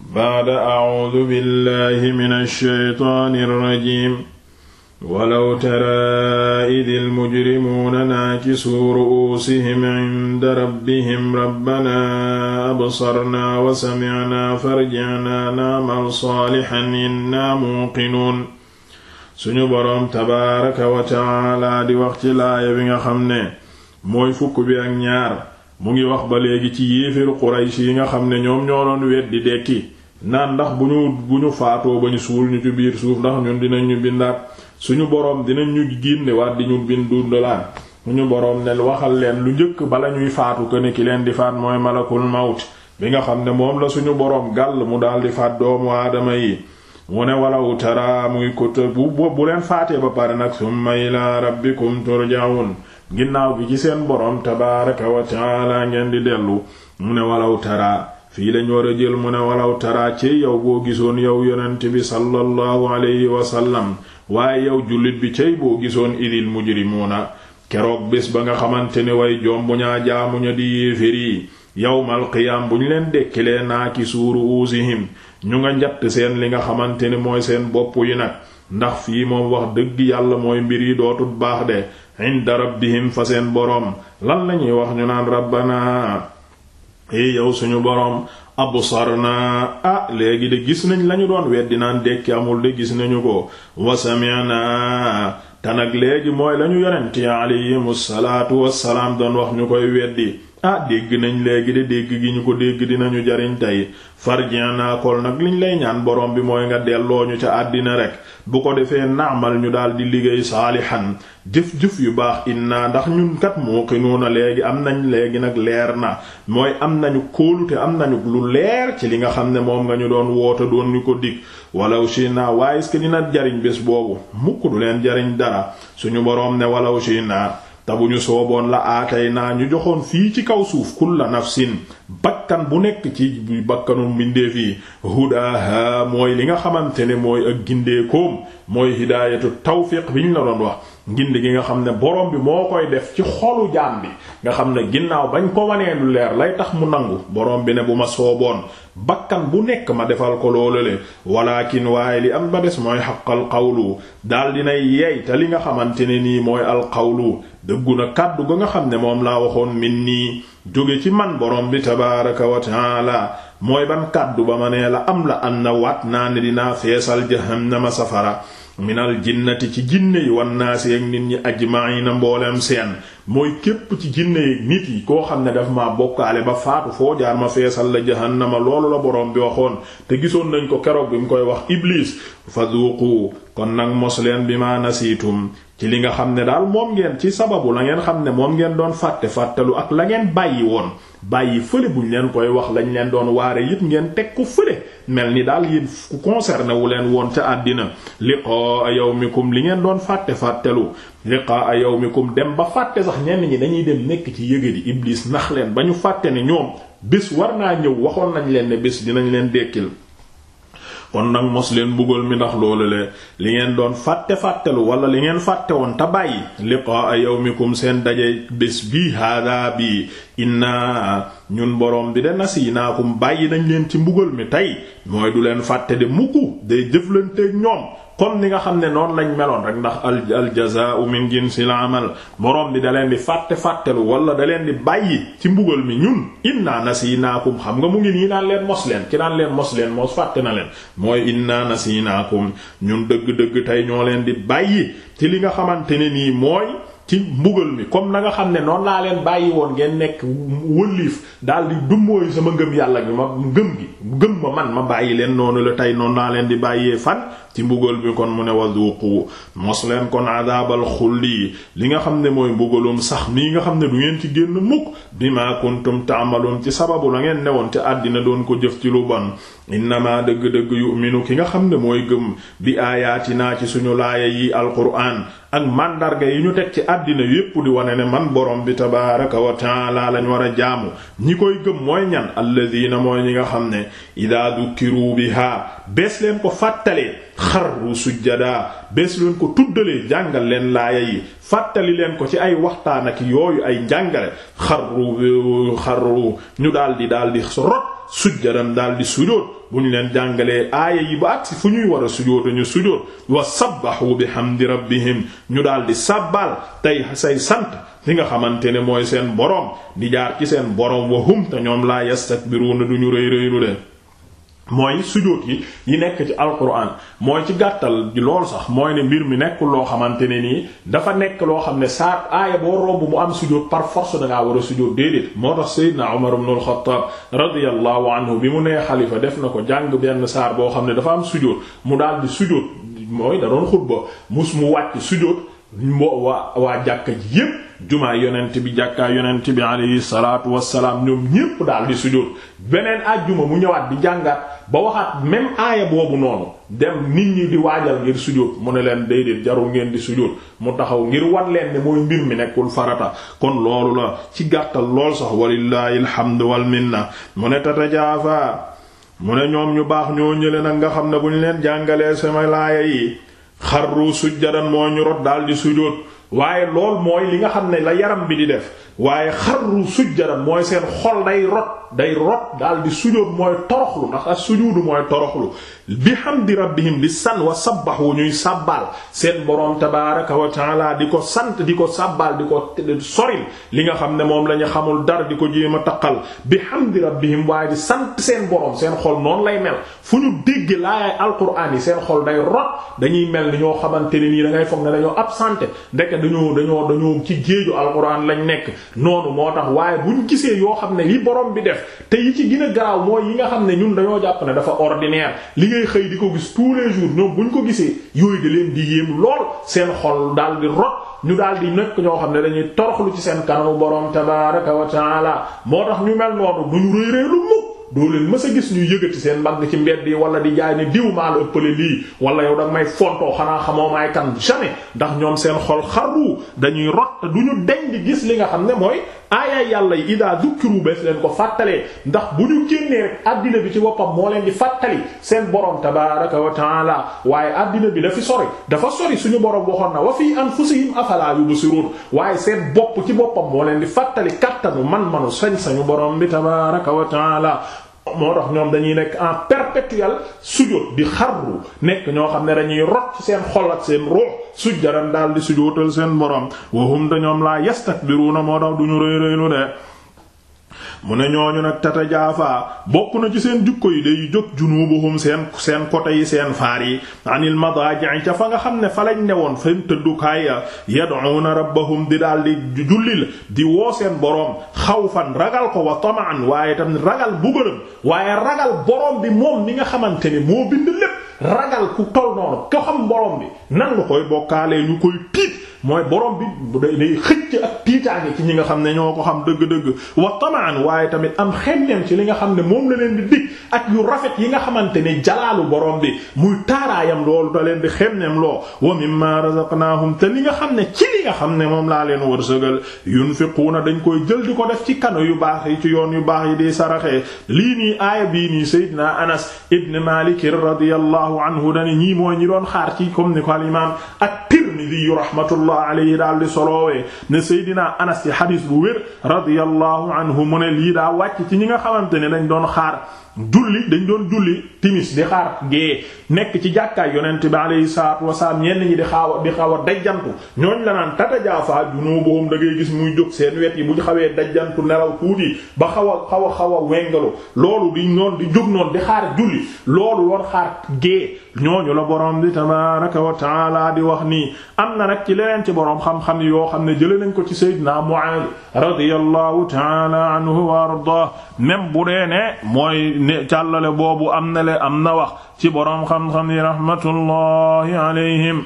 baada acuudu billahi min alsheytaani alrajim walaw tara idi almujrimuuna naakisuu ru'uusihim cinda rabbihim rabbana absarnaa wa samicnaa farjicnaa naamal saalixan innaa muuqinuun suñu boroom tabaaraka wa tacaala di wax ci laaya bi nga xam ne mooy fukk bi ak ñaar mu ngi wax ba léegi ci yéeféru Quraysh yi nga xam ne ñoom ñoo doon di dekki naan ndax bu ñu bu ñu faatoo ba ñu suul ñu ci biir suuf ndax ñun dinañ ñu bindaat suñu boroom dinañ ñu génnewaat di ñu bindudalaan ñu boroom ne waxal leen lu njëkk bala ñuy faatu ko ne ki leen di faat mooy malakul mawt bi nga xam ne moom la suñu boroom gàll mu daldi faat doomu aadama yi mu ne walaw tara muy ko bu bu leen faatee ba pare nag summa ilaa rabbikum turja'un ginnaaw bi ci seen borom tabaaraka wa taala ngeen di dellu mu ne walaw taraa fii lañ war a jël mu ne walaw taraa ci yow boo gisoon yow yonent bi sallallahu alayhi wasallam waaye yow jullit bi cey boo gisoon mu mujrimuuna keroog bés ba nga xamante ni way jombu ñaa jaamuña di yéefér yi yawmal qiyaam bu ñu leen dekkilee naa ki suuru uusihim ñu nga njatt seen li nga xamante ni mooy seen bopp yi nag ndax fii moom wax dëgg yàlla mooy mbir yi dootul baax inda rabbihim fa seen boroom lan lañuy wax ñu naan rabbana é eh yow suñu boroom absarna ah léegi de gis nañ lañu doon weddi naan dekki amul de gis nañu ko wa sami'na te nag léegi mooy lañu yonent yi alayhimu wa wassalaam doon wax ñu koy weddi ah dégg nañ léegi de dégg gi ñu ko dégg dinañu jariñ tey farjien naa kol nag liñ lay ñaan borom bi mooy nga delloo ñu ca àddina rekk bu ko defee naamal ñu daal di liggéey saalihan jëf-jëf yu baax inna ndax ñun kat muuqinuuna léegi am nañ léegi nag leer na mooy am nañu kóolute am nañu lu leer ci li nga xam ne moom nga ñu doon woote doon ñu ko dikk dig walaw naa waaye est-ce dina jariñ bés boobu mukk du leen jariñ dara suñu borom ne walaw shina te ñu sooboon la aatay naa ñu joxoon fii ci kaw suuf kulla nafsin bakkan bu nekk ci bakkanu mbindeef yi hudaha mooy li nga xamante ne mooy ak gindeekoom mooy hidaayatu tawfiq bi ñu la doon wax gindi gi nga xam ne borom bi moo koy def ci xolu jaan bi nga xam ne ginnaaw bañ ko wanee lu leer lay tax mu nangu borom bi ne bu ma sooboon bakkan bu nekk ma defal ko loolale walakin waaye li am ba des mooy xaqal xawlu daal dinay yey te li nga xamante ne nii mooy alqawlu dëggu na kàddu ga nga xam ne moom laa waxoon min nii jóge ci man borom bi tabaaraka wa taala mooy ban kàddu ba ma nee la am la an na waat naa ne dinaa feesal jahannama safara minal jinnati ci jinne yi wan naasi ak nit ñi maa ajmaina mboolem seen mooy képp ci jinne yi nit yi koo xam ne daf ma bokkaale ba faatu foo jaar ma feesal la jahannama loolu la boroom bi waxoon te gisoon nañ ko keroog bi mu koy wax iblis faduuqu kon nag mos leen bi ma nasiitum ci li nga xam ne daal moom ngeen ci sababu la ngeen xam ne moom ngeen doon fàtte fàttalu ak la ngeen bàyyi woon bàyyi fële buñ leen koy wax lañu leen doon waare it ngeen teg ko fële mel ni daal yi ku concerné wu leen woon ca àddina liqaa yawmikum li ngeen doon fàtte fàttalu liqaa yawmikum dem ba fàtte sax ñenn ñi dañuy dem nekk ci yëgadi iblis nax leen ba ñu fàtte ne ñoom bés war naa ñëw waxoon nañ leen ne bés dinañ leen dekkil kon nag mos leen mbugal mi ndax loolu le li ngeen doon fàtte fàttelu wala li ngeen fàtte woon te bàyyi yow mi yawmikum seen daje bés bii hada bii inna ñun borom bi de nasinaakum bàyyi nañ leen ci mbugal mi tey mooy du leen fàtte de mukk day jëflanteeg ñoom comme ni nga xam ne noonu lañ meloon rek ndax al al jazaa'u min jinsil amal borom bi da leen di fàtte fàttelu wala da leen di bàyyi ci mbugal mi ñun inna nasinaakum xam nga mu ngi nii naan leen mos leen ci naan leen mos leen mos fàtte na leen mooy inna nasinaakum ñun dëgg-dëgg tey ñoo leen di bàyyi ci li nga xamante ne nii mooy. ci mbugal mi comme na nga xam ne noonu laa leen bàyyi woon ngeen nekk wëlliif daal di dummóoyu sama ngëm yàlla bi ma ngëm gi ngëm ma man ma bàyyi leen noonu la tey noonu naa leen di bàyyee fan ci mbugal bi kon mu ne wazuqu mos leen kon adaabal xulli li nga xam ne mooy mbugalum sax nii nga xam ne du ngeen ci génn mukk bima kuntum ta'malun ci sababu la ngeen woon ci àddina doon ko jëf ci lu bon innama dëgg-dëgg yu'minu ki nga xam ne mooy gëm bi naa ci suñu laaya yi alquraan ak màndarga yi ñu teg ci àddina yépp di wane ne man borom bi tabaaraka wa taala lañ war a jaamu ñi koy gëm mooy ñan alladina mooy ñi nga xam ne idaa dukkiru biha bees leen ko xarru sujjadaa bés leen ko tuddalee jàngal leen laaya yi fàttali leen ko ci ay waxtaan ak yooyu ay njàngale xarru ñu daal di daal di rot sujjadan daal di sujoot bu ñu leen jàngalee aaya yi ba agsi fu ñuy war a sujoota ñu sujoot wa sabbahu bihamdi rabbihim ñu daal di sabbal tey say sant li nga xamante ne mooy seen boroom di jaar ci seen boroom wa hum te ñoom laa yastakbiruuna du ñu rëy rëylu de mooy sujóot yi yi nekk ci alquran mooy ci gàttal lool sax mooy ne mbir mi nekkul loo xamante ne nii dafa nekk loo xam ne saa aaya boo romb mu am sujóot par force dangaa war a sujóot déedéet moo tax Seydina Umar ibn al-Khattab radiyallahu anhu bi mu nee xalifa def na ko jàng benn saar boo xam ne dafa am sujóot mu daal di sujóot mooy da xutba mus mu wàcc sujóot mbo waa waa jàkka ji yépp jumaa yonent bi jàkkaa yonent bi alayhi salaatu wassalaam ñoom ñépp daal di sujjóot beneen àjjuma mu ñëwaat di jàngat ba waxaat même aaya boobu noonu dem nit ñi di waajal ngir sujjóot mu ne leen déedéet jarul ngeen di sujjóot mu taxaw ngir wan leen ne mooy mbir mi nekkul farata kon loolu la ci gàttal lool sax walillahi alhamdu wal minna mu ne tatajaafa mu ne ñoom ñu baax ñoo ñële nag nga xam ne bu ñu leen jàngalee sama laaya yi xarru sujjadan moo ñu rot daal di sujjóot waaye lool mooy li nga xam ne la yaram bi di def waaye xarru sujjadan mooy seen xol day rot day rot daal di sujóot mooy toroxlu ndax ak sujuudu mooy toroxlu bihamdi rabbihim di san wa wu ñuy sàbbaal seen boroom tabaaraka wa taala di ko sant di ko sàbbaal di ko soril li nga xam ne moom la ñu xamul dara di ko jéem a bi taqal bihamdi rabbihim waaye di sant seen boroom seen xol noonu lay mel fu ñu dégg laayaay alquraan yi seen xol day rot dañuy mel ni ñoo xamante ne nii da foog ne dañoo absenté ndeke dañoo dañoo dañoo ci géeju alquraan lañ nekk noonu moo tax waaye buñ gisee yoo xam ne li borom bi def te yi ci gën a garaaw mooy yi nga xam ne ñun dañoo jàpp ne dafa ordinaire li ngay xëy di ko gis tous les jours ñoom buñ ko gisee yooyu da leen di yéem lool seen xol daal di rot ñu daal di nekk ñoo xam ne dañuy toroxlu ci seen kanamu borom tabaaraka wa taala moo tax ñu mel noonu duñu réy réy lu mukk doo leen mës a gis ñu yëgati seen mbagg ci mbedd yi wala di jaay ne diw maa la ëppale lii wala yow danga may fontoo xanaa xamoo maay kan jamais ndax ñoom seen xol xarru dañuy rot te du ñu deñ di gis li nga xam ne mooy aayaay yàlla yi idaa dukkiru bees leen ko fàttalee ndax bu ñu génnee rek addina bi ci boppam moo leen di fàttali seen borom tabaaraka wa taala waaye addina bi fi sori dafa sori suñu borom waxoon na wa fii anfusihim afalaa yubsirun waaye seen bopp ci boppam moo leen di fàttali kattanu man-manu sañ-sañu borom moo tax ñoom dañuy nekk en perpétuel sujjóot di xarru nekk ñoo xam ne dañuy rot seen xol ak seen ruux sujjaran daal di sujjóotal seen borom wahum te ñoom laa na moo tax duñu rëy rëylu de mu ne ñooñu nag tata jaafa bokk na ci seen jukko yi day jóg junubuhum seen seen côté yi seen faar yi anil madaaji ca fa nga xam ne fa lañ newoon fen tëddukaay yad'una rabbahum di daal di jullil di woo seen boroom xaw xawfan ragal ko wa tamaan waaye tam ragal bu bugalam waaye ragal boroom bi moom mi nga xamante ne moo bind lépp ragal ku tol noonu ko xam boroom bi nan nga koy bokkaalee ñu koy tiit mooy borom bi day xëcc ak tiitaange ci ñi nga xam ne ñoo ko xam dëgg-dëgg wa tamaan waaye tamit am xem xemmeem ci li nga xam ne moom la leen di dig ak yu rafet yi nga xamante ne jalaalu borom bi muy taaraayam loolu da leen di xemmeem loo wa mimma razaqnaahum te li nga xam ne ci li nga xam ne moom laa leen wërsëgal yunfiquuna dañ koy jël di ko def ci kano yu baax yi ci yoon yu baax yi di saraxee lii nii aaya bii nii Seydina Anas ibn Maalik radiyallahu anhu dani ñii mooy ñi doon xaar ci comme ni ko al imaam ak at-Tirmidhi rahmatullah alayhi daal di solowee ne Seydina Anas ci xadiis bu wér radiyallahu anhu mu ne lii daa wàcc ci ñi nga xamante ne dañ doon xaar julli dañ doon julli timis di xaar gée nekk ci jàkkaay yonent bi alayhi salaatu wasalaam ñenn ñi di xaaw di xaw a dajjantu ñooñ la naan tatajaafa junuubuhum da ngay gis muy jóg seen wet yi bu ñu xawee dajjantu nelaw tuuti ba xaw a xaw xaw a wengalu loolu di noon di jóg noonu di xaar julli loolu loon xaar gée ñooñu la borom bi tabaaraka wa taala di wax nii am na nag ci leneen ci borom xam-xam yoo xam ne jëlee nañ ko ci Seydina Mu'aaz radiyallahu taala anhu wa ardaah même bu dee ne ne càllale boobu am na le am na wax ci borom xam-xam yi rahmatullahi alayhim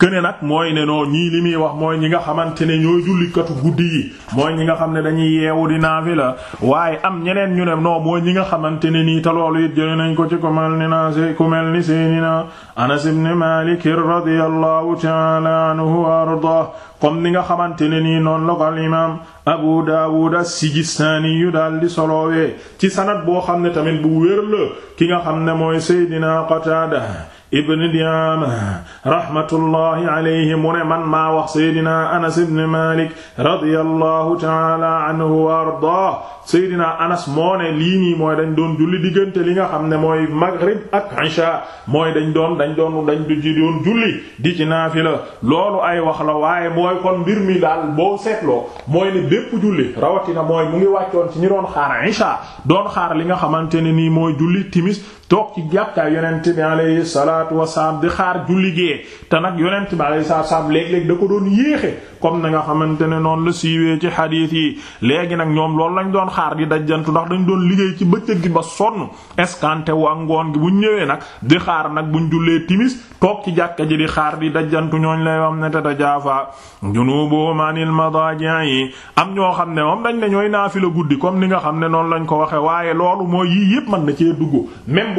këne nag mooy ne noo ñii li muy wax mooy ñi nga xamante ne ñooy jullikatu guddi yi mooy ñi nga xam ne dañuy yeewu di naafila waaye am ñeneen ñu ne noo mooy ñi nga xamante ne nii te loolu it jëlee nañ ko ci ku mel ni naa ku mel ni seydina Anas ibn Maalik radiyallahu ta'ala anhu wa nga xamante ne nii noon la ko al imaam Abu Daawud as-Sijistaani yu daal di solowee ci sanat boo xam ne tamit bu wér la ki nga xam ne mooy seydina Qataada ibn Di'aama rahmatullahi alayhi mu ne man maa wax Seydina Anas ibn Malik radiyallahu ta'ala anhu wa ardaah Seydina Anas moo ne lii nii mooy dañ doon julli diggante li nga xam ne mooy maghrib ak isha mooy dañ doon dañ doon dañ doon julli di ci naafila loolu ay wax waaye mooy kon mbir mi daal boo seetloo mooy ne bépp julli rawatina mooy mu ngi wàccoon ci ñi doon xaar isha doon li nga xamante ne nii mooy julli timis toog ci jàkkaay yonent bi alayhi salaatu wasalaam di xaar julli gee te nag yonent bi alayhi salaatu wasalaam léeg-léeg da ko doon yéexe comme na nga xamante ne noonu la siiwee ci xadiis yi léegi nag ñoom loolu lañ doon xaar di dajjantu ndax dañu doon liggéey ci bëccëg gi ba sonn escanté wu ak ngoon bu buñ ñëwee nag di xaar nag buñ jullee timis toog ci jàkka ji di xaar di dajjantu ñooñ lay am ne tatajaafa junubuhum anil yi am ñoo xam ne moom dañ ne ñooy naafila guddi comme ni nga xam ne noonu lañ ko waxe waaye loolu yii yépp mën na cee dugg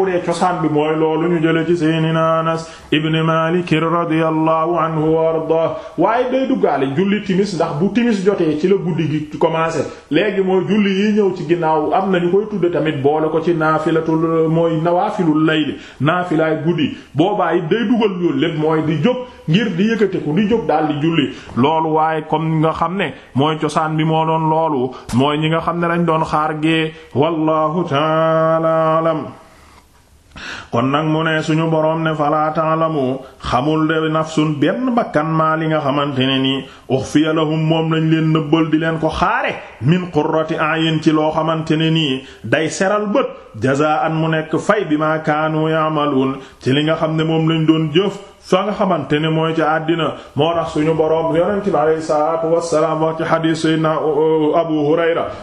bu dee cosaan bi mooy loolu ñu jële ci seydina anas ibn malik radiyallahu anhu wa ardah waaye day duggaale julli timis ndax bu timis jotee ci la guddi gi commencé léegi mooy julli yi ñëw ci ginnaaw am nañu koy tudde tamit boole ko ci naafilatul mooy nawaafilul layli naafilaay guddi boobaa it day dugal loolu lépp mooy di jóg ngir di yëkkateku di jóg daal di julli loolu waaye comme nga xam ne mooy cosaan bi moo doon loolu mooy ñi nga xam ne lañ doon xaar gee wallahu ta'ala alam kon nag mu ne suñu boroom ne falaa ta'lamu xamul de nafsun benn bakkan maa li nga xamante ne nii ukhfiya lahum moom lañ leen nëbbal di leen ko xaare min qurrati a'yun ci loo xamante ne nii day seral bët jazaa'an mu nekk fay bi ma kaanu ya'malun ci li nga xam ne moom lañ doon jëf fa nga xamante ne mooy ci àddina moo tax suñu boroom yonente bi alayhi salaatu wassalaam wax ci xadis sayyidina uh, Abu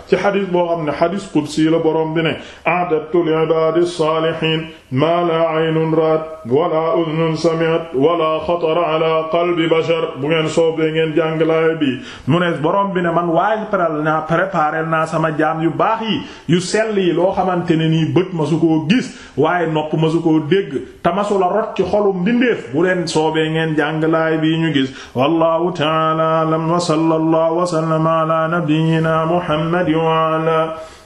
ci xadis boo xam ne xadis la boroom bi ne a'dadtu li ibaadi saalihiin maa laa aynun raat wala udnun sami'at wala xatara ala qalbi bashar bu ngeen soobee ngeen jàng bi mu ne borom bi ne man waaye paral naa préparé naa sama jaam yu baax yu sell yi loo xamante ne nii bët ma koo gis waaye nopp ma su koo dégg te ci xolum ndindeef bu leen soobee ngeen jàng laay bi ñu gis wallahu ta'ala a'lam wa sallallahu wa sallama ala nabiyyina muhammadin wa